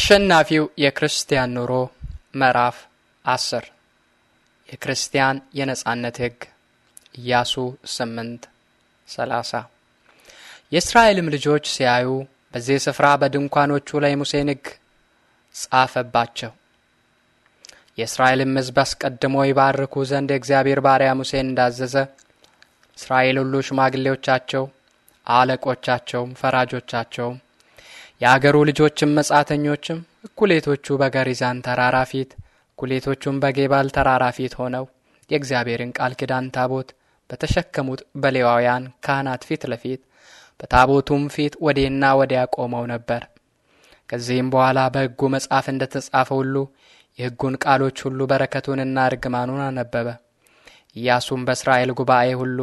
አሸናፊው የክርስቲያን ኑሮ ምዕራፍ አስር የክርስቲያን የነጻነት ሕግ ኢያሱ ስምንት ሰላሳ የእስራኤልም ልጆች ሲያዩ በዚህ ስፍራ በድንኳኖቹ ላይ ሙሴን ሕግ ጻፈባቸው። የእስራኤልም ሕዝብ አስቀድሞ ይባርኩ ዘንድ የእግዚአብሔር ባሪያ ሙሴን እንዳዘዘ እስራኤል ሁሉ ሽማግሌዎቻቸው፣ አለቆቻቸውም፣ ፈራጆቻቸውም የአገሩ ልጆችም መጻተኞችም እኩሌቶቹ በገሪዛን ተራራ ፊት እኩሌቶቹም በጌባል ተራራ ፊት ሆነው የእግዚአብሔርን ቃል ኪዳን ታቦት በተሸከሙት በሌዋውያን ካህናት ፊት ለፊት በታቦቱም ፊት ወዴና ወዲያ ቆመው ነበር። ከዚህም በኋላ በሕጉ መጽሐፍ እንደ ተጻፈ ሁሉ የሕጉን ቃሎች ሁሉ በረከቱንና እርግማኑን አነበበ። ኢያሱም በእስራኤል ጉባኤ ሁሉ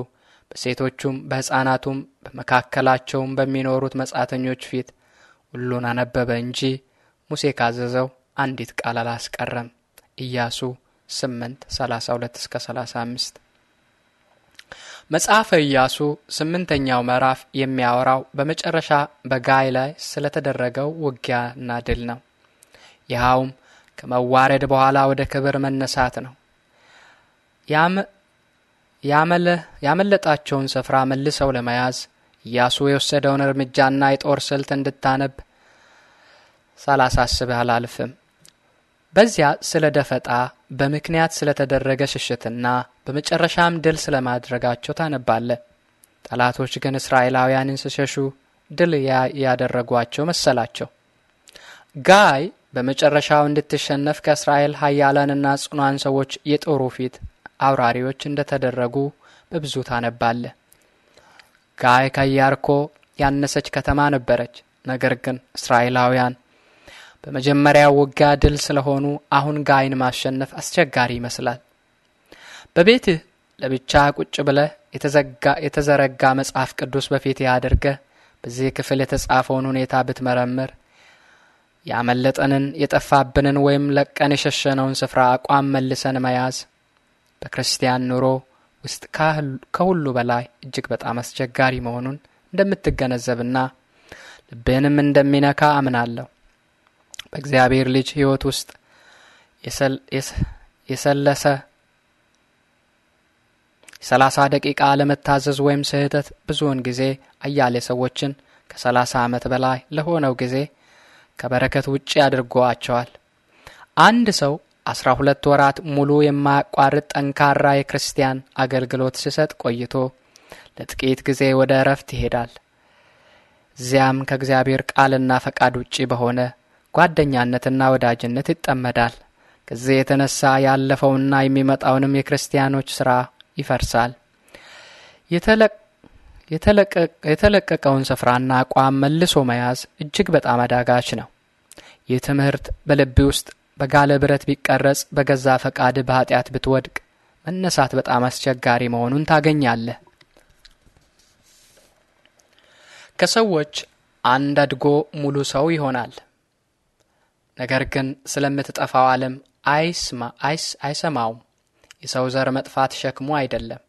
በሴቶቹም በሕፃናቱም በመካከላቸውም በሚኖሩት መጻተኞች ፊት ሁሉን አነበበ እንጂ ሙሴ ካዘዘው አንዲት ቃል አላስቀረም። ኢያሱ 8 32 እስከ 35 መጽሐፈ ኢያሱ ስምንተኛው ምዕራፍ የሚያወራው በመጨረሻ በጋይ ላይ ስለተደረገው ውጊያና ድል ነው። ይኸውም ከመዋረድ በኋላ ወደ ክብር መነሳት ነው። ያመለጣቸውን ስፍራ መልሰው ለመያዝ ኢያሱ የወሰደውን እርምጃና የጦር ስልት እንድታነብ ሳላሳስብህ አላልፍም። በዚያ ስለ ደፈጣ በምክንያት ስለተደረገ ሽሽትና በመጨረሻም ድል ስለማድረጋቸው ታነባለ። ጠላቶች ግን እስራኤላውያንን ስሸሹ ድል ያደረጓቸው መሰላቸው። ጋይ በመጨረሻው እንድትሸነፍ ከእስራኤል ኃያላንና ጽኗን ሰዎች የጦሩ ፊት አውራሪዎች እንደተደረጉ በብዙ ታነባለህ። ጋይ ከኢያሪኮ ያነሰች ከተማ ነበረች። ነገር ግን እስራኤላውያን በመጀመሪያ ውጊያ ድል ስለሆኑ አሁን ጋይን ማሸነፍ አስቸጋሪ ይመስላል። በቤትህ ለብቻ ቁጭ ብለህ የተዘረጋ መጽሐፍ ቅዱስ በፊት ያድርገህ በዚህ ክፍል የተጻፈውን ሁኔታ ብትመረምር ያመለጠንን የጠፋብንን ወይም ለቀን የሸሸነውን ስፍራ አቋም መልሰን መያዝ በክርስቲያን ኑሮ ውስጥ ከሁሉ በላይ እጅግ በጣም አስቸጋሪ መሆኑን እንደምትገነዘብና ልብህንም እንደሚነካ አምናለሁ። በእግዚአብሔር ልጅ ሕይወት ውስጥ የሰለሰ የሰላሳ ደቂቃ አለመታዘዝ ወይም ስህተት ብዙውን ጊዜ አያሌ ሰዎችን ከሰላሳ ዓመት በላይ ለሆነው ጊዜ ከበረከት ውጪ አድርጓቸዋል። አንድ ሰው አስራ ሁለት ወራት ሙሉ የማያቋርጥ ጠንካራ የክርስቲያን አገልግሎት ሲሰጥ ቆይቶ ለጥቂት ጊዜ ወደ እረፍት ይሄዳል። እዚያም ከእግዚአብሔር ቃልና ፈቃድ ውጪ በሆነ ጓደኛነትና ወዳጅነት ይጠመዳል። ከዚህ የተነሳ ያለፈውና የሚመጣውንም የክርስቲያኖች ሥራ ይፈርሳል። የተለቀቀውን ስፍራና አቋም መልሶ መያዝ እጅግ በጣም አዳጋች ነው። ይህ ትምህርት በልቤ ውስጥ በጋለ ብረት ቢቀረጽ በገዛ ፈቃድ በኃጢአት ብትወድቅ መነሳት በጣም አስቸጋሪ መሆኑን ታገኛለህ። ከሰዎች አንድ አድጎ ሙሉ ሰው ይሆናል። ነገር ግን ስለምትጠፋው ዓለም አይስማ አይስ አይሰማውም። የሰው ዘር መጥፋት ሸክሙ አይደለም።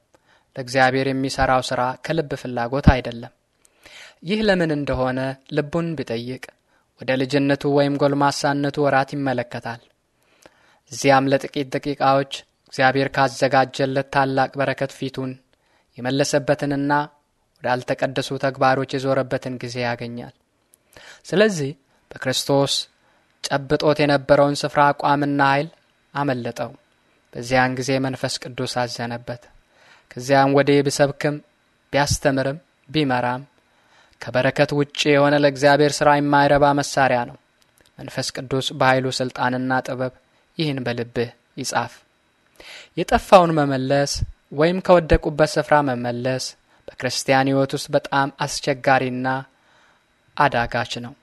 ለእግዚአብሔር የሚሠራው ሥራ ከልብ ፍላጎት አይደለም። ይህ ለምን እንደሆነ ልቡን ቢጠይቅ ወደ ልጅነቱ ወይም ጎልማሳነቱ ወራት ይመለከታል። እዚያም ለጥቂት ደቂቃዎች እግዚአብሔር ካዘጋጀለት ታላቅ በረከት ፊቱን የመለሰበትንና ወዳልተቀደሱ ተግባሮች የዞረበትን ጊዜ ያገኛል። ስለዚህ በክርስቶስ ጨብጦት የነበረውን ስፍራ አቋምና ኃይል አመለጠው። በዚያን ጊዜ መንፈስ ቅዱስ አዘነበት። ከዚያም ወዲህ ቢሰብክም ቢያስተምርም ቢመራም ከበረከት ውጭ የሆነ ለእግዚአብሔር ሥራ የማይረባ መሳሪያ ነው። መንፈስ ቅዱስ በኃይሉ ሥልጣንና ጥበብ ይህን በልብህ ይጻፍ። የጠፋውን መመለስ ወይም ከወደቁበት ስፍራ መመለስ በክርስቲያን ሕይወት ውስጥ በጣም አስቸጋሪና አዳጋች ነው።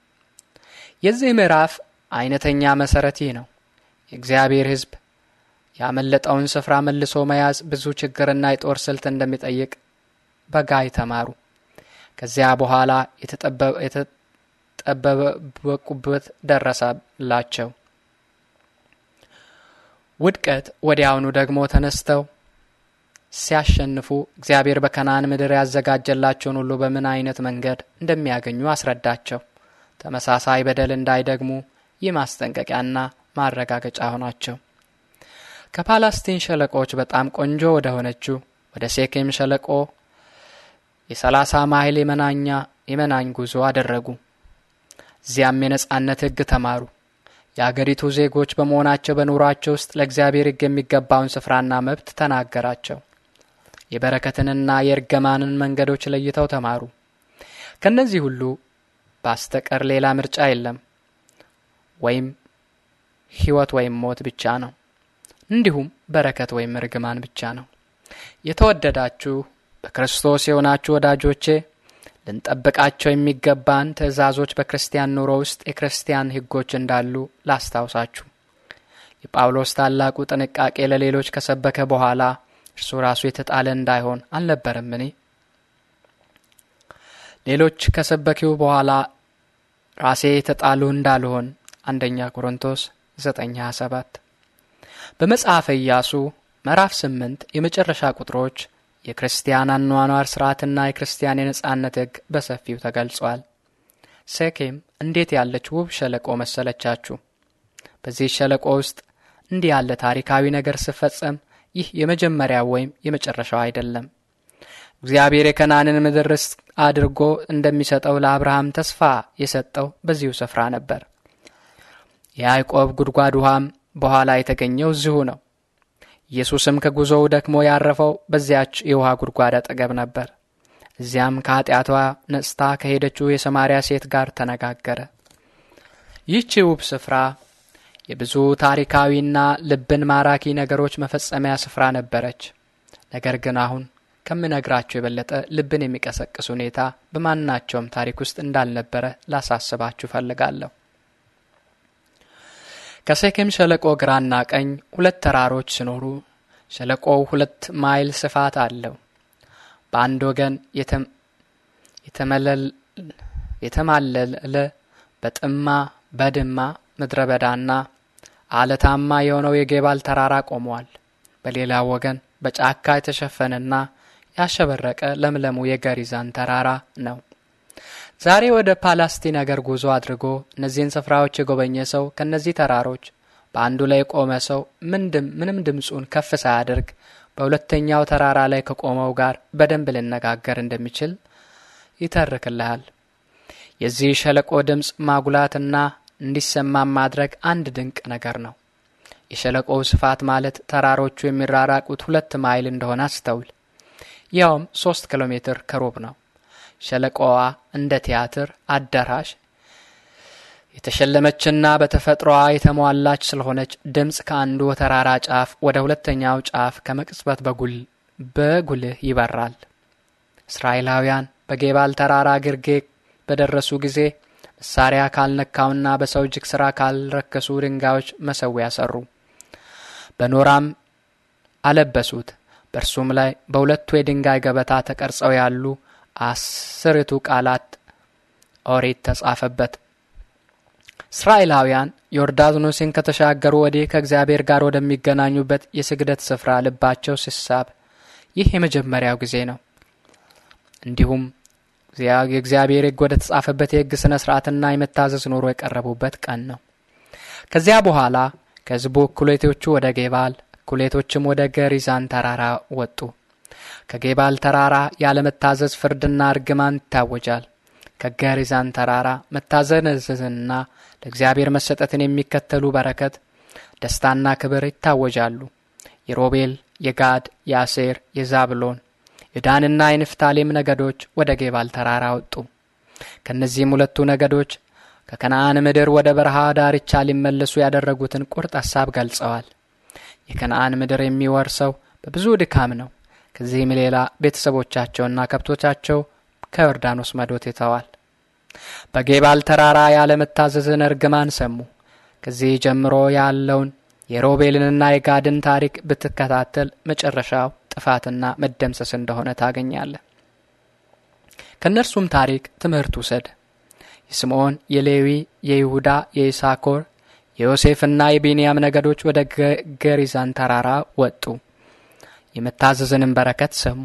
የዚህ ምዕራፍ አይነተኛ መሠረት ይህ ነው። የእግዚአብሔር ሕዝብ ያመለጠውን ስፍራ መልሶ መያዝ ብዙ ችግርና የጦር ስልት እንደሚጠይቅ በጋይ ተማሩ። ከዚያ በኋላ የተጠበበቁበት ደረሰላቸው። ውድቀት ወዲያውኑ ደግሞ ተነስተው ሲያሸንፉ እግዚአብሔር በከናን ምድር ያዘጋጀላቸውን ሁሉ በምን አይነት መንገድ እንደሚያገኙ አስረዳቸው። ተመሳሳይ በደል እንዳይደግሙ ይህ ማስጠንቀቂያና ማረጋገጫ ሆናቸው። ከፓላስቲን ሸለቆዎች በጣም ቆንጆ ወደ ሆነችው ወደ ሴኬም ሸለቆ የሰላሳ ማይል የመናኛ የመናኝ ጉዞ አደረጉ። እዚያም የነጻነት ሕግ ተማሩ። የአገሪቱ ዜጎች በመሆናቸው በኑሯቸው ውስጥ ለእግዚአብሔር ሕግ የሚገባውን ስፍራና መብት ተናገራቸው። የበረከትንና የእርገማንን መንገዶች ለይተው ተማሩ። ከእነዚህ ሁሉ በስተቀር ሌላ ምርጫ የለም፣ ወይም ሕይወት ወይም ሞት ብቻ ነው። እንዲሁም በረከት ወይም እርግማን ብቻ ነው። የተወደዳችሁ በክርስቶስ የሆናችሁ ወዳጆቼ ልንጠብቃቸው የሚገባን ትእዛዞች በክርስቲያን ኑሮ ውስጥ የክርስቲያን ሕጎች እንዳሉ ላስታውሳችሁ። የጳውሎስ ታላቁ ጥንቃቄ ለሌሎች ከሰበከ በኋላ እርሱ ራሱ የተጣለ እንዳይሆን አልነበረም። ሌሎች ከሰበኪው በኋላ ራሴ የተጣሉ እንዳልሆን አንደኛ ቆሮንቶስ 9፥27 በመጽሐፈ ኢያሱ ምዕራፍ 8 የመጨረሻ ቁጥሮች የክርስቲያን አኗኗር ስርዓትና የክርስቲያን የነጻነት ሕግ በሰፊው ተገልጿል። ሴኬም እንዴት ያለች ውብ ሸለቆ መሰለቻችሁ! በዚህ ሸለቆ ውስጥ እንዲህ ያለ ታሪካዊ ነገር ስፈጸም ይህ የመጀመሪያው ወይም የመጨረሻው አይደለም። እግዚአብሔር የከናንን ምድር ርስት አድርጎ እንደሚሰጠው ለአብርሃም ተስፋ የሰጠው በዚሁ ስፍራ ነበር። የያዕቆብ ጉድጓድ ውሃም በኋላ የተገኘው እዚሁ ነው። ኢየሱስም ከጉዞው ደክሞ ያረፈው በዚያች የውሃ ጉድጓድ አጠገብ ነበር። እዚያም ከኃጢአቷ ነጽታ ከሄደችው የሰማርያ ሴት ጋር ተነጋገረ። ይህቺ ውብ ስፍራ የብዙ ታሪካዊና ልብን ማራኪ ነገሮች መፈጸሚያ ስፍራ ነበረች። ነገር ግን አሁን ከምነግራቸው የበለጠ ልብን የሚቀሰቅስ ሁኔታ በማናቸውም ታሪክ ውስጥ እንዳልነበረ ላሳስባችሁ እፈልጋለሁ። ከሴኬም ሸለቆ ግራና ቀኝ ሁለት ተራሮች ሲኖሩ ሸለቆው ሁለት ማይል ስፋት አለው። በአንድ ወገን የተማለለ በጥማ በድማ ምድረ በዳና አለታማ የሆነው የጌባል ተራራ ቆመዋል። በሌላው ወገን በጫካ የተሸፈነና ያሸበረቀ ለምለሙ የገሪዛን ተራራ ነው። ዛሬ ወደ ፓላስቲን አገር ጉዞ አድርጎ እነዚህን ስፍራዎች የጎበኘ ሰው ከእነዚህ ተራሮች በአንዱ ላይ የቆመ ሰው ምንም ድምፁን ከፍ ሳያደርግ በሁለተኛው ተራራ ላይ ከቆመው ጋር በደንብ ልነጋገር እንደሚችል ይተርክልሃል። የዚህ ሸለቆ ድምፅ ማጉላትና እንዲሰማም ማድረግ አንድ ድንቅ ነገር ነው። የሸለቆው ስፋት ማለት ተራሮቹ የሚራራቁት ሁለት ማይል እንደሆነ አስተውል። ያውም ሶስት ኪሎ ሜትር ከሩብ ነው። ሸለቆዋ እንደ ቲያትር አዳራሽ የተሸለመችና በተፈጥሮዋ የተሟላች ስለሆነች ድምፅ ከአንዱ ተራራ ጫፍ ወደ ሁለተኛው ጫፍ ከመቅጽበት በጉል በጉልህ ይበራል። እስራኤላውያን በጌባል ተራራ ግርጌ በደረሱ ጊዜ መሳሪያ ካልነካውና በሰው እጅግ ሥራ ካልረከሱ ድንጋዮች መሠዊያ ሠሩ። በኖራም አለበሱት። በእርሱም ላይ በሁለቱ የድንጋይ ገበታ ተቀርጸው ያሉ አስርቱ ቃላት ኦሪት ተጻፈበት። እስራኤላውያን ዮርዳኖስን ከተሻገሩ ወዲህ ከእግዚአብሔር ጋር ወደሚገናኙበት የስግደት ስፍራ ልባቸው ሲሳብ ይህ የመጀመሪያው ጊዜ ነው። እንዲሁም የእግዚአብሔር ሕግ ወደ ተጻፈበት የሕግ ሥነ ሥርዓትና የመታዘዝ ኑሮ የቀረቡበት ቀን ነው። ከዚያ በኋላ ከሕዝቡ እኩሌቶቹ ወደ ጌባል እኩሌቶችም ወደ ገሪዛን ተራራ ወጡ። ከጌባል ተራራ ያለመታዘዝ ፍርድና እርግማን ይታወጃል። ከገሪዛን ተራራ መታዘዝንና ለእግዚአብሔር መሰጠትን የሚከተሉ በረከት፣ ደስታና ክብር ይታወጃሉ። የሮቤል፣ የጋድ፣ የአሴር፣ የዛብሎን፣ የዳንና የንፍታሌም ነገዶች ወደ ጌባል ተራራ ወጡ። ከእነዚህም ሁለቱ ነገዶች ከከነአን ምድር ወደ በረሃ ዳርቻ ሊመለሱ ያደረጉትን ቁርጥ ሐሳብ ገልጸዋል። የከነአን ምድር የሚወርሰው በብዙ ድካም ነው። ከዚህም ሌላ ቤተሰቦቻቸውና ከብቶቻቸው ከዮርዳኖስ መዶት ይተዋል። በጌባል ተራራ ያለመታዘዝን እርግማን ሰሙ። ከዚህ ጀምሮ ያለውን የሮቤልንና የጋድን ታሪክ ብትከታተል መጨረሻው ጥፋትና መደምሰስ እንደሆነ ታገኛለህ። ከእነርሱም ታሪክ ትምህርት ውሰድ። የስምዖን፣ የሌዊ፣ የይሁዳ፣ የኢሳኮር፣ የዮሴፍና የቢንያም ነገዶች ወደ ገሪዛን ተራራ ወጡ። የመታዘዝንም በረከት ሰሙ።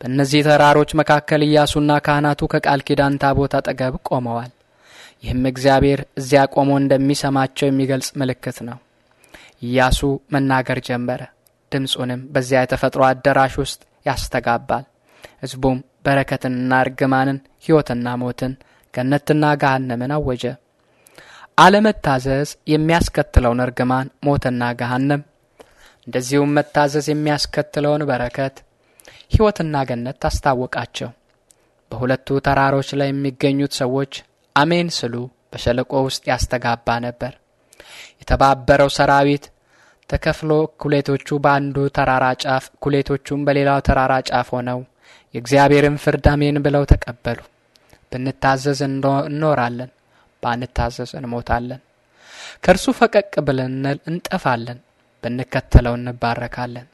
በእነዚህ ተራሮች መካከል ኢያሱና ካህናቱ ከቃል ኪዳን ታቦት አጠገብ ቆመዋል። ይህም እግዚአብሔር እዚያ ቆሞ እንደሚሰማቸው የሚገልጽ ምልክት ነው። ኢያሱ መናገር ጀመረ። ድምፁንም በዚያ የተፈጥሮ አዳራሽ ውስጥ ያስተጋባል። ሕዝቡም በረከትንና እርግማንን፣ ሕይወትና ሞትን፣ ገነትና ገሃነምን አወጀ። አለመታዘዝ የሚያስከትለውን እርግማን ሞትና ገሃነም እንደዚሁም መታዘዝ የሚያስከትለውን በረከት ሕይወትና ገነት ታስታወቃቸው። በሁለቱ ተራሮች ላይ የሚገኙት ሰዎች አሜን ስሉ በሸለቆ ውስጥ ያስተጋባ ነበር። የተባበረው ሰራዊት ተከፍሎ እኩሌቶቹ በአንዱ ተራራ ጫፍ፣ እኩሌቶቹም በሌላው ተራራ ጫፍ ሆነው የእግዚአብሔርን ፍርድ አሜን ብለው ተቀበሉ። ብንታዘዝ እንኖራለን፣ ባንታዘዝ እንሞታለን፣ ከእርሱ ፈቀቅ ብለን እንጠፋለን ብንከተለው እንባረካለን።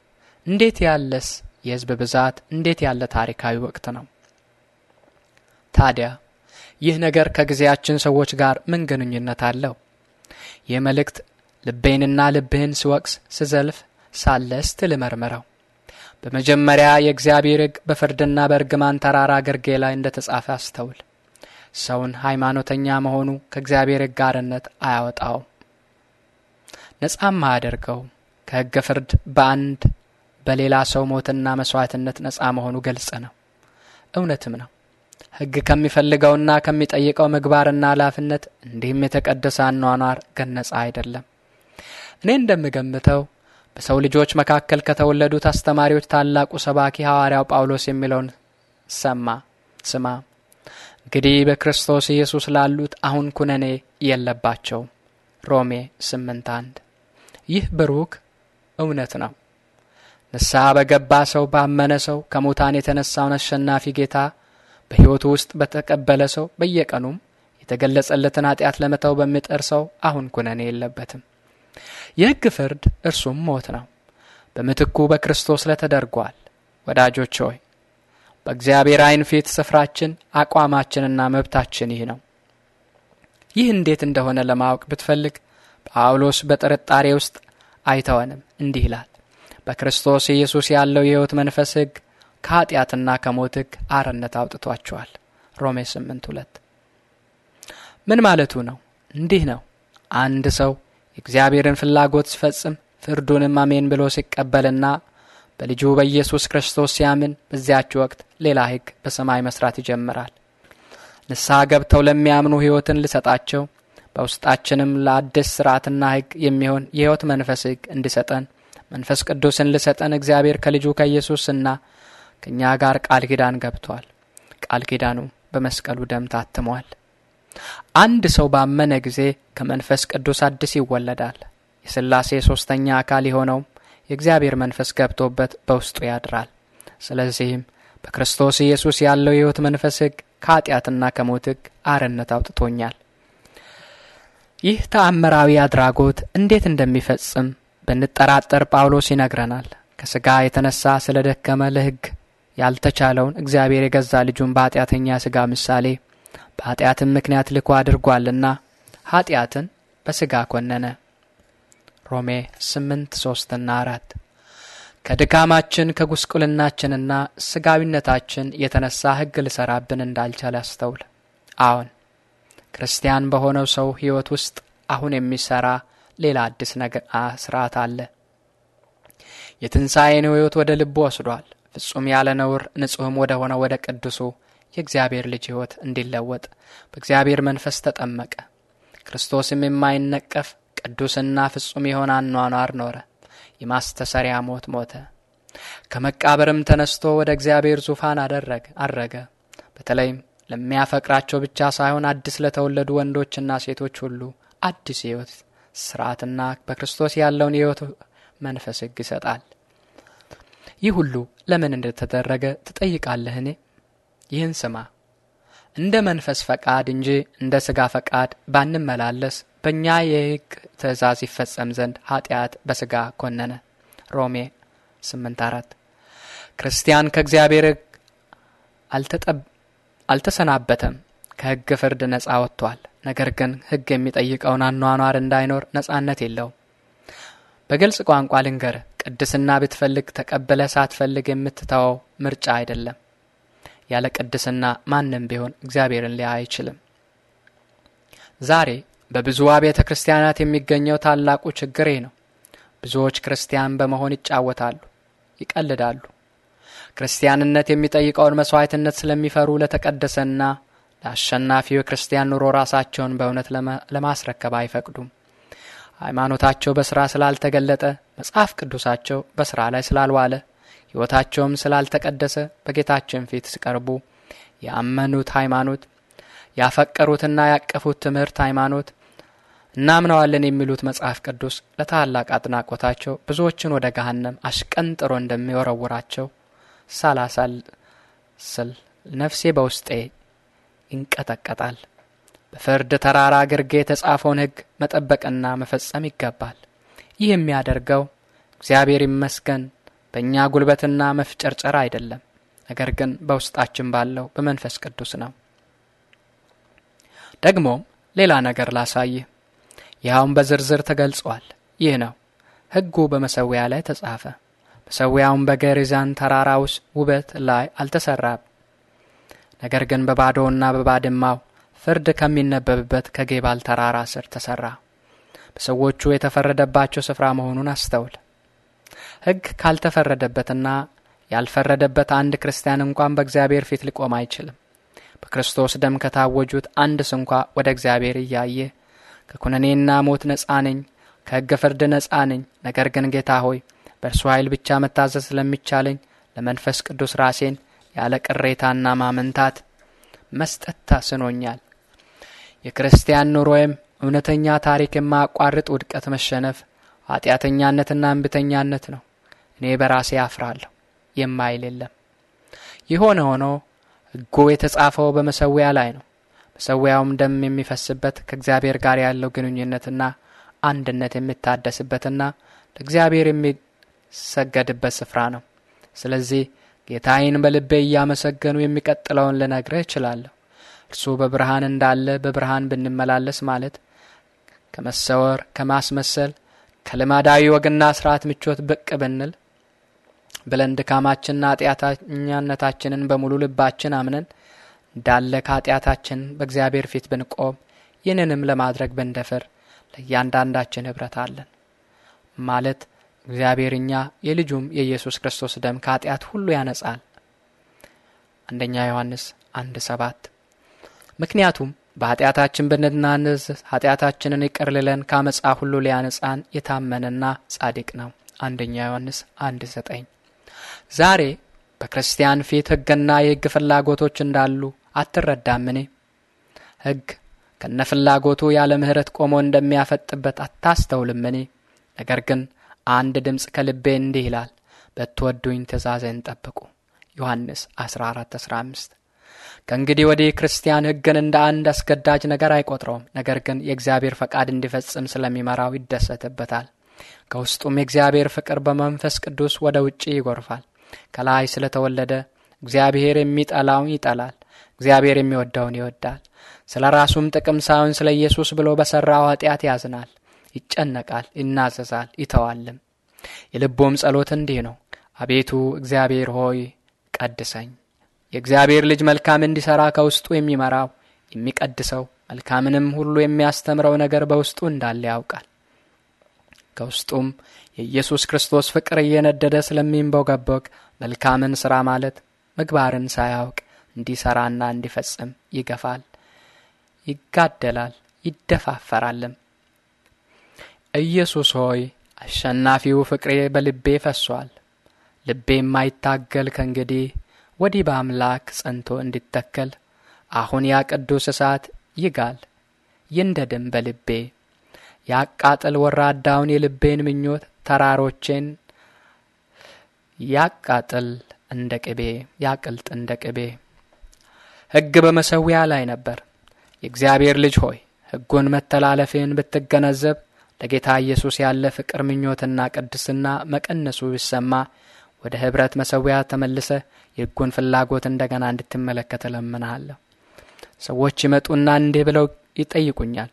እንዴት ያለስ የህዝብ ብዛት! እንዴት ያለ ታሪካዊ ወቅት ነው! ታዲያ ይህ ነገር ከጊዜያችን ሰዎች ጋር ምን ግንኙነት አለው? ይህ መልእክት ልቤንና ልብህን ስወቅስ፣ ስዘልፍ ሳለ ስትል በመጀመሪያ የእግዚአብሔር ሕግ በፍርድና በእርግማን ተራራ ግርጌ ላይ እንደ ተጻፈ አስተውል። ሰውን ሃይማኖተኛ መሆኑ ከእግዚአብሔር ሕግ ጋርነት አያወጣውም፣ ነጻም አያደርገውም። ከሕገ ፍርድ በአንድ በሌላ ሰው ሞትና መስዋዕትነት ነጻ መሆኑ ግልጽ ነው፣ እውነትም ነው። ሕግ ከሚፈልገውና ከሚጠይቀው ምግባርና ኃላፊነት እንዲህም የተቀደሰ አኗኗር ግን አይደለም። እኔ እንደምገምተው በሰው ልጆች መካከል ከተወለዱት አስተማሪዎች ታላቁ ሰባኪ ሐዋርያው ጳውሎስ የሚለውን ሰማ ስማ እንግዲህ በክርስቶስ ኢየሱስ ላሉት አሁን ኩነኔ የለባቸውም። ሮሜ ስምንት አንድ ይህ ብሩክ እውነት ነው። ንስሐ በገባ ሰው፣ ባመነ ሰው፣ ከሙታን የተነሳውን አሸናፊ ጌታ በሕይወቱ ውስጥ በተቀበለ ሰው፣ በየቀኑም የተገለጸለትን ኃጢአት ለመተው በሚጠር ሰው አሁን ኩነኔ የለበትም። የሕግ ፍርድ እርሱም ሞት ነው፣ በምትኩ በክርስቶስ ላይ ተደርጓል። ወዳጆች ሆይ በእግዚአብሔር ዓይን ፊት ስፍራችን፣ አቋማችንና መብታችን ይህ ነው። ይህ እንዴት እንደሆነ ለማወቅ ብትፈልግ ጳውሎስ በጥርጣሬ ውስጥ አይተወንም። እንዲህ ይላል፣ በክርስቶስ ኢየሱስ ያለው የሕይወት መንፈስ ሕግ ከኃጢአትና ከሞት ሕግ አርነት አውጥቷቸዋል። ሮሜ 8 2 ምን ማለቱ ነው? እንዲህ ነው። አንድ ሰው የእግዚአብሔርን ፍላጎት ሲፈጽም ፍርዱንም አሜን ብሎ ሲቀበልና በልጁ በኢየሱስ ክርስቶስ ሲያምን በዚያች ወቅት ሌላ ሕግ በሰማይ መስራት ይጀምራል። ንስሐ ገብተው ለሚያምኑ ሕይወትን ልሰጣቸው በውስጣችንም ለአዲስ ስርዓትና ሕግ የሚሆን የሕይወት መንፈስ ሕግ እንዲሰጠን መንፈስ ቅዱስን ልሰጠን እግዚአብሔር ከልጁ ከኢየሱስና ከእኛ ጋር ቃል ኪዳን ገብቷል። ቃል ኪዳኑ በመስቀሉ ደም ታትሟል። አንድ ሰው ባመነ ጊዜ ከመንፈስ ቅዱስ አዲስ ይወለዳል። የሥላሴ ሦስተኛ አካል የሆነውም የእግዚአብሔር መንፈስ ገብቶበት በውስጡ ያድራል። ስለዚህም በክርስቶስ ኢየሱስ ያለው የሕይወት መንፈስ ሕግ ከኃጢአትና ከሞት ሕግ አርነት አውጥቶኛል። ይህ ተአምራዊ አድራጎት እንዴት እንደሚፈጽም ብንጠራጠር ጳውሎስ ይነግረናል። ከሥጋ የተነሳ ስለ ደከመ ለሕግ ያልተቻለውን እግዚአብሔር የገዛ ልጁን በኃጢአተኛ ሥጋ ምሳሌ በኃጢአትም ምክንያት ልኮ አድርጓልና ኃጢአትን በሥጋ ኮነነ። ሮሜ 8 3ና 4 ከድካማችን ከጉስቁልናችንና ስጋዊነታችን የተነሳ ሕግ ልሰራብን እንዳልቻል አስተውል። አዎን ክርስቲያን በሆነው ሰው ሕይወት ውስጥ አሁን የሚሠራ ሌላ አዲስ ነገር ስርዓት አለ። የትንሣኤን ሕይወት ወደ ልቡ ወስዷል። ፍጹም ያለ ነውር ንጹሕም ወደ ሆነ ወደ ቅዱሱ የእግዚአብሔር ልጅ ሕይወት እንዲለወጥ በእግዚአብሔር መንፈስ ተጠመቀ። ክርስቶስም የማይነቀፍ ቅዱስና ፍጹም የሆነ አኗኗር ኖረ። የማስተሰሪያ ሞት ሞተ። ከመቃብርም ተነስቶ ወደ እግዚአብሔር ዙፋን አደረገ አረገ። በተለይም ለሚያፈቅራቸው ብቻ ሳይሆን አዲስ ለተወለዱ ወንዶችና ሴቶች ሁሉ አዲስ ሕይወት ስርዓትና በክርስቶስ ያለውን የሕይወት መንፈስ ሕግ ይሰጣል። ይህ ሁሉ ለምን እንደተደረገ ትጠይቃለህን? ይህን ስማ። እንደ መንፈስ ፈቃድ እንጂ እንደ ሥጋ ፈቃድ ባንመላለስ በእኛ የሕግ ትእዛዝ ይፈጸም ዘንድ ኃጢአት በሥጋ ኮነነ። ሮሜ 8 4 ክርስቲያን ከእግዚአብሔር ሕግ አልተሰናበተም። ከሕግ ፍርድ ነፃ ወጥቷል። ነገር ግን ሕግ የሚጠይቀውን አኗኗር እንዳይኖር ነፃነት የለውም። በግልጽ ቋንቋ ልንገር፣ ቅድስና ብትፈልግ ተቀበለ ሳትፈልግ የምትተወው ምርጫ አይደለም። ያለ ቅድስና ማንም ቢሆን እግዚአብሔርን ሊያ አይችልም። ዛሬ በብዙ አብያተ ክርስቲያናት የሚገኘው ታላቁ ችግሬ ነው። ብዙዎች ክርስቲያን በመሆን ይጫወታሉ፣ ይቀልዳሉ ክርስቲያንነት የሚጠይቀውን መሥዋዕትነት ስለሚፈሩ ለተቀደሰና ለአሸናፊው የክርስቲያን ኑሮ ራሳቸውን በእውነት ለማስረከብ አይፈቅዱም። ሃይማኖታቸው በሥራ ስላልተገለጠ፣ መጽሐፍ ቅዱሳቸው በሥራ ላይ ስላልዋለ፣ ሕይወታቸውም ስላልተቀደሰ በጌታችን ፊት ሲቀርቡ ያመኑት ሃይማኖት ያፈቀሩትና ያቀፉት ትምህርት ሃይማኖት እናምነዋለን የሚሉት መጽሐፍ ቅዱስ ለታላቅ አድናቆታቸው ብዙዎችን ወደ ገሃነም አሽቀንጥሮ እንደሚወረውራቸው ሳላሰላስል ነፍሴ በውስጤ ይንቀጠቀጣል። በፍርድ ተራራ ግርጌ የተጻፈውን ሕግ መጠበቅና መፈጸም ይገባል። ይህ የሚያደርገው እግዚአብሔር ይመስገን በእኛ ጉልበትና መፍጨርጨር አይደለም፣ ነገር ግን በውስጣችን ባለው በመንፈስ ቅዱስ ነው። ደግሞም ሌላ ነገር ላሳይህ፣ ያውም በዝርዝር ተገልጿል። ይህ ነው ሕጉ በመሠዊያ ላይ ተጻፈ። መሠዊያውም በገሪዛን ተራራ ውስጥ ውበት ላይ አልተሰራም። ነገር ግን በባዶውና በባድማው ፍርድ ከሚነበብበት ከጌባል ተራራ ስር ተሰራ በሰዎቹ የተፈረደባቸው ስፍራ መሆኑን አስተውል። ሕግ ካልተፈረደበትና ያልፈረደበት አንድ ክርስቲያን እንኳን በእግዚአብሔር ፊት ሊቆም አይችልም። በክርስቶስ ደም ከታወጁት አንድ ስንኳ ወደ እግዚአብሔር እያየ ከኩነኔና ሞት ነጻ ነኝ፣ ከሕግ ፍርድ ነጻ ነኝ፣ ነገር ግን ጌታ ሆይ በእርሱ ኃይል ብቻ መታዘዝ ስለሚቻለኝ ለመንፈስ ቅዱስ ራሴን ያለ ቅሬታና ማመንታት መስጠት ታስኖኛል። የክርስቲያን ኑሮዬም እውነተኛ ታሪክ የማያቋርጥ ውድቀት መሸነፍ፣ ኃጢአተኛነትና እንብተኛነት ነው። እኔ በራሴ አፍራለሁ የማይል የለም። የሆነ ሆኖ ሕጉ የተጻፈው በመሰዊያ ላይ ነው። መሰዊያውም ደም የሚፈስበት ከእግዚአብሔር ጋር ያለው ግንኙነትና አንድነት የሚታደስበትና ለእግዚአብሔር የሚሰገድበት ስፍራ ነው። ስለዚህ ጌታዬን በልቤ እያመሰገኑ የሚቀጥለውን ልነግርህ እችላለሁ። እርሱ በብርሃን እንዳለ በብርሃን ብንመላለስ ማለት ከመሰወር ከማስመሰል ከልማዳዊ ወግና ስርዓት ምቾት ብቅ ብንል ብለን ድካማችንና ኃጢአተኛነታችንን በሙሉ ልባችን አምነን እንዳለ ከኃጢአታችን በእግዚአብሔር ፊት ብንቆም ይህንንም ለማድረግ ብንደፍር ለእያንዳንዳችን ኅብረት አለን ማለት እግዚአብሔር እኛ የልጁም የኢየሱስ ክርስቶስ ደም ከኃጢአት ሁሉ ያነጻል። አንደኛ ዮሐንስ አንድ ሰባት ምክንያቱም በኃጢአታችን ብንናንዝ ኃጢአታችንን ይቅር ሊለን ከአመፃ ሁሉ ሊያነጻን የታመነና ጻድቅ ነው። አንደኛ ዮሐንስ አንድ ዘጠኝ ዛሬ በክርስቲያን ፊት ሕግና የሕግ ፍላጎቶች እንዳሉ አትረዳምኔ ሕግ ከነ ፍላጎቱ ያለ ምሕረት ቆሞ እንደሚያፈጥበት አታስተውልምኔ ነገር ግን አንድ ድምፅ ከልቤ እንዲህ ይላል በትወዱኝ ትእዛዝህን ጠብቁ። ዮሐንስ 1415 ከእንግዲህ ወዲህ ክርስቲያን ሕግን እንደ አንድ አስገዳጅ ነገር አይቆጥረውም። ነገር ግን የእግዚአብሔር ፈቃድ እንዲፈጽም ስለሚመራው ይደሰትበታል። ከውስጡም የእግዚአብሔር ፍቅር በመንፈስ ቅዱስ ወደ ውጭ ይጎርፋል። ከላይ ስለተወለደ እግዚአብሔር የሚጠላውን ይጠላል፣ እግዚአብሔር የሚወደውን ይወዳል። ስለ ራሱም ጥቅም ሳይሆን ስለ ኢየሱስ ብሎ በሠራው ኃጢአት ያዝናል። ይጨነቃል፣ ይናዘዛል፣ ይተዋልም። የልቦም ጸሎት እንዲህ ነው፣ አቤቱ እግዚአብሔር ሆይ ቀድሰኝ። የእግዚአብሔር ልጅ መልካም እንዲሠራ ከውስጡ የሚመራው የሚቀድሰው መልካምንም ሁሉ የሚያስተምረው ነገር በውስጡ እንዳለ ያውቃል። ከውስጡም የኢየሱስ ክርስቶስ ፍቅር እየነደደ ስለሚንቦገቦግ መልካምን ሥራ ማለት ምግባርን ሳያውቅ እንዲሠራና እንዲፈጽም ይገፋል፣ ይጋደላል፣ ይደፋፈራልም። ኢየሱስ ሆይ አሸናፊው ፍቅሬ በልቤ ፈሷል። ልቤ የማይታገል ከእንግዲህ ወዲህ በአምላክ ጸንቶ እንዲተከል አሁን ያ ቅዱስ እሳት ይጋል ይንደድም በልቤ ያቃጥል ወራዳውን የልቤን ምኞት ተራሮቼን ያቃጥል እንደ ቅቤ ያቅልጥ እንደ ቅቤ። ሕግ በመሠዊያ ላይ ነበር። የእግዚአብሔር ልጅ ሆይ ሕጉን መተላለፍን ብትገነዘብ ለጌታ ኢየሱስ ያለ ፍቅር ምኞትና ቅድስና መቀነሱ ይሰማ ወደ ኅብረት መሠዊያ ተመልሰ የሕጉን ፍላጎት እንደገና እንድትመለከት እለምንሃለሁ። ሰዎች ይመጡና እንዲህ ብለው ይጠይቁኛል፣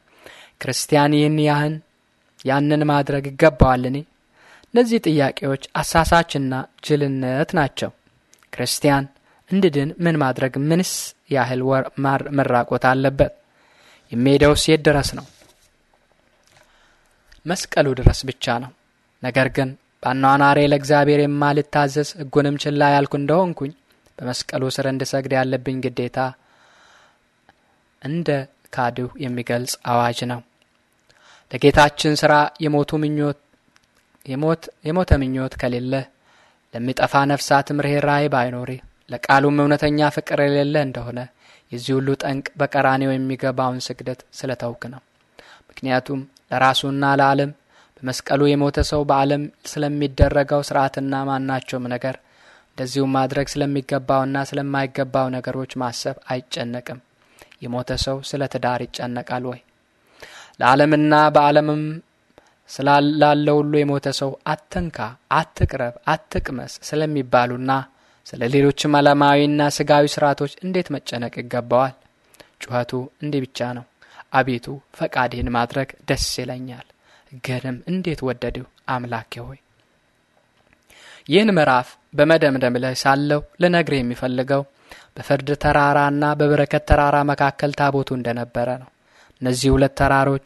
ክርስቲያን ይህን ያህን ያንን ማድረግ ይገባዋልን? እነዚህ ጥያቄዎች አሳሳችና ጅልነት ናቸው። ክርስቲያን እንድድን ምን ማድረግ ምንስ ያህል ወር መራቆት አለበት? የሚሄደው ሴት ድረስ ነው? መስቀሉ ድረስ ብቻ ነው። ነገር ግን በአኗኗሬ ለእግዚአብሔር የማልታዘዝ ሕጉንም ችላ ያልኩ እንደሆንኩኝ በመስቀሉ ስር እንድሰግድ ያለብኝ ግዴታ እንደ ካድሁ የሚገልጽ አዋጅ ነው። ለጌታችን ሥራ የሞተ ምኞት ከሌለ ለሚጠፋ ነፍሳትም ርኅራኄ ባይኖር ለቃሉም እውነተኛ ፍቅር የሌለ እንደሆነ የዚህ ሁሉ ጠንቅ በቀራኔው የሚገባውን ስግደት ስለተውክ ነው። ምክንያቱም ለራሱና ለዓለም በመስቀሉ የሞተ ሰው በዓለም ስለሚደረገው ስርዓትና ማናቸውም ነገር እንደዚሁም ማድረግ ስለሚገባውና ስለማይገባው ነገሮች ማሰብ አይጨነቅም። የሞተ ሰው ስለ ትዳር ይጨነቃል ወይ? ለዓለምና በዓለምም ስላለው ሁሉ የሞተ ሰው አትንካ፣ አትቅረብ፣ አትቅመስ ስለሚባሉና ስለ ሌሎችም ዓለማዊና ስጋዊ ስርዓቶች እንዴት መጨነቅ ይገባዋል? ጩኸቱ እንዲህ ብቻ ነው። አቤቱ ፈቃድህን ማድረግ ደስ ይለኛል። ገርም እንዴት ወደድሁ አምላኬ ሆይ። ይህን ምዕራፍ በመደምደም ላይ ሳለው ልነግር የሚፈልገው በፍርድ ተራራና በበረከት ተራራ መካከል ታቦቱ እንደነበረ ነው። እነዚህ ሁለት ተራሮች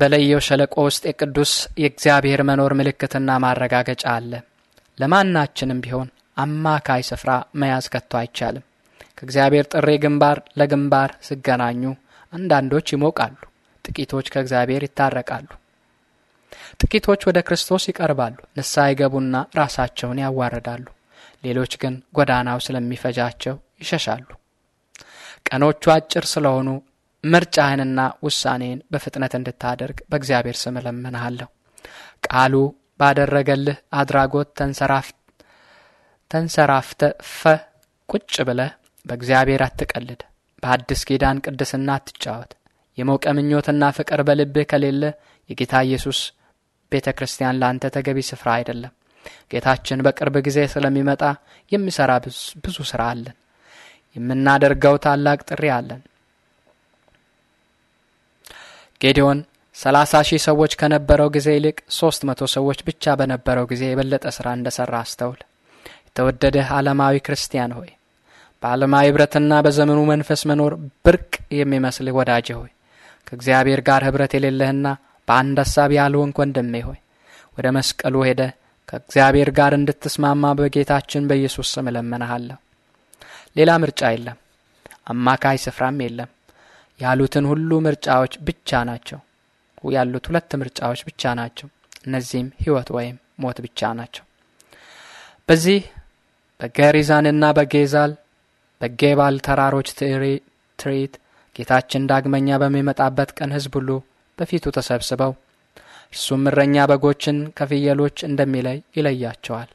በለየው ሸለቆ ውስጥ የቅዱስ የእግዚአብሔር መኖር ምልክትና ማረጋገጫ አለ። ለማናችንም ቢሆን አማካይ ስፍራ መያዝ ከቶ አይቻልም። ከእግዚአብሔር ጥሪ ግንባር ለግንባር ሲገናኙ አንዳንዶች ይሞቃሉ፣ ጥቂቶች ከእግዚአብሔር ይታረቃሉ። ጥቂቶች ወደ ክርስቶስ ይቀርባሉ፣ ንስሐ ይገቡና ራሳቸውን ያዋርዳሉ። ሌሎች ግን ጎዳናው ስለሚፈጃቸው ይሸሻሉ። ቀኖቹ አጭር ስለሆኑ ምርጫህንና ውሳኔን በፍጥነት እንድታደርግ በእግዚአብሔር ስም እለምንሃለሁ። ቃሉ ባደረገልህ አድራጎት ተንሰራፍተፈ ቁጭ ብለህ በእግዚአብሔር አትቀልድ። በአዲስ ኪዳን ቅድስና አትጫወት። የሞቀ ምኞትና ፍቅር በልብህ ከሌለ የጌታ ኢየሱስ ቤተ ክርስቲያን ለአንተ ተገቢ ስፍራ አይደለም። ጌታችን በቅርብ ጊዜ ስለሚመጣ የሚሠራ ብዙ ሥራ አለን። የምናደርገው ታላቅ ጥሪ አለን። ጌዲዮን ሰላሳ ሺህ ሰዎች ከነበረው ጊዜ ይልቅ ሦስት መቶ ሰዎች ብቻ በነበረው ጊዜ የበለጠ ሥራ እንደ ሠራ አስተውል። የተወደደህ ዓለማዊ ክርስቲያን ሆይ በዓለማዊ ኅብረትና በዘመኑ መንፈስ መኖር ብርቅ የሚመስልህ ወዳጄ ሆይ ከእግዚአብሔር ጋር ኅብረት የሌለህና በአንድ ሐሳብ ያልሆንክ ወንድሜ ሆይ ወደ መስቀሉ ሄደ ከእግዚአብሔር ጋር እንድትስማማ በጌታችን በኢየሱስ ስም እለምንሃለሁ። ሌላ ምርጫ የለም፣ አማካይ ስፍራም የለም። ያሉትን ሁሉ ምርጫዎች ብቻ ናቸው ያሉት ሁለት ምርጫዎች ብቻ ናቸው። እነዚህም ሕይወት ወይም ሞት ብቻ ናቸው። በዚህ በገሪዛንና በጌዛል በጌባል ተራሮች ትርኢት ጌታችን ዳግመኛ በሚመጣበት ቀን ሕዝብ ሁሉ በፊቱ ተሰብስበው እርሱም እረኛ በጎችን ከፍየሎች እንደሚለይ ይለያቸዋል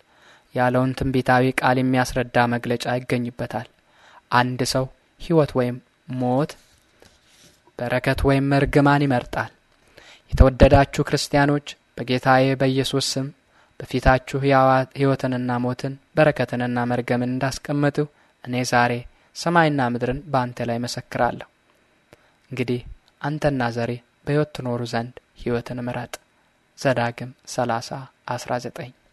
ያለውን ትንቢታዊ ቃል የሚያስረዳ መግለጫ ይገኝበታል። አንድ ሰው ሕይወት ወይም ሞት፣ በረከት ወይም እርግማን ይመርጣል። የተወደዳችሁ ክርስቲያኖች በጌታዬ በኢየሱስ ስም በፊታችሁ ሕይወትንና ሞትን በረከትንና መርገምን እንዳስቀመጡ እኔ ዛሬ ሰማይና ምድርን በአንተ ላይ መሰክራለሁ። እንግዲህ አንተና ዘሬ በሕይወት ትኖሩ ዘንድ ሕይወትን ምረጥ። ዘዳግም 30 19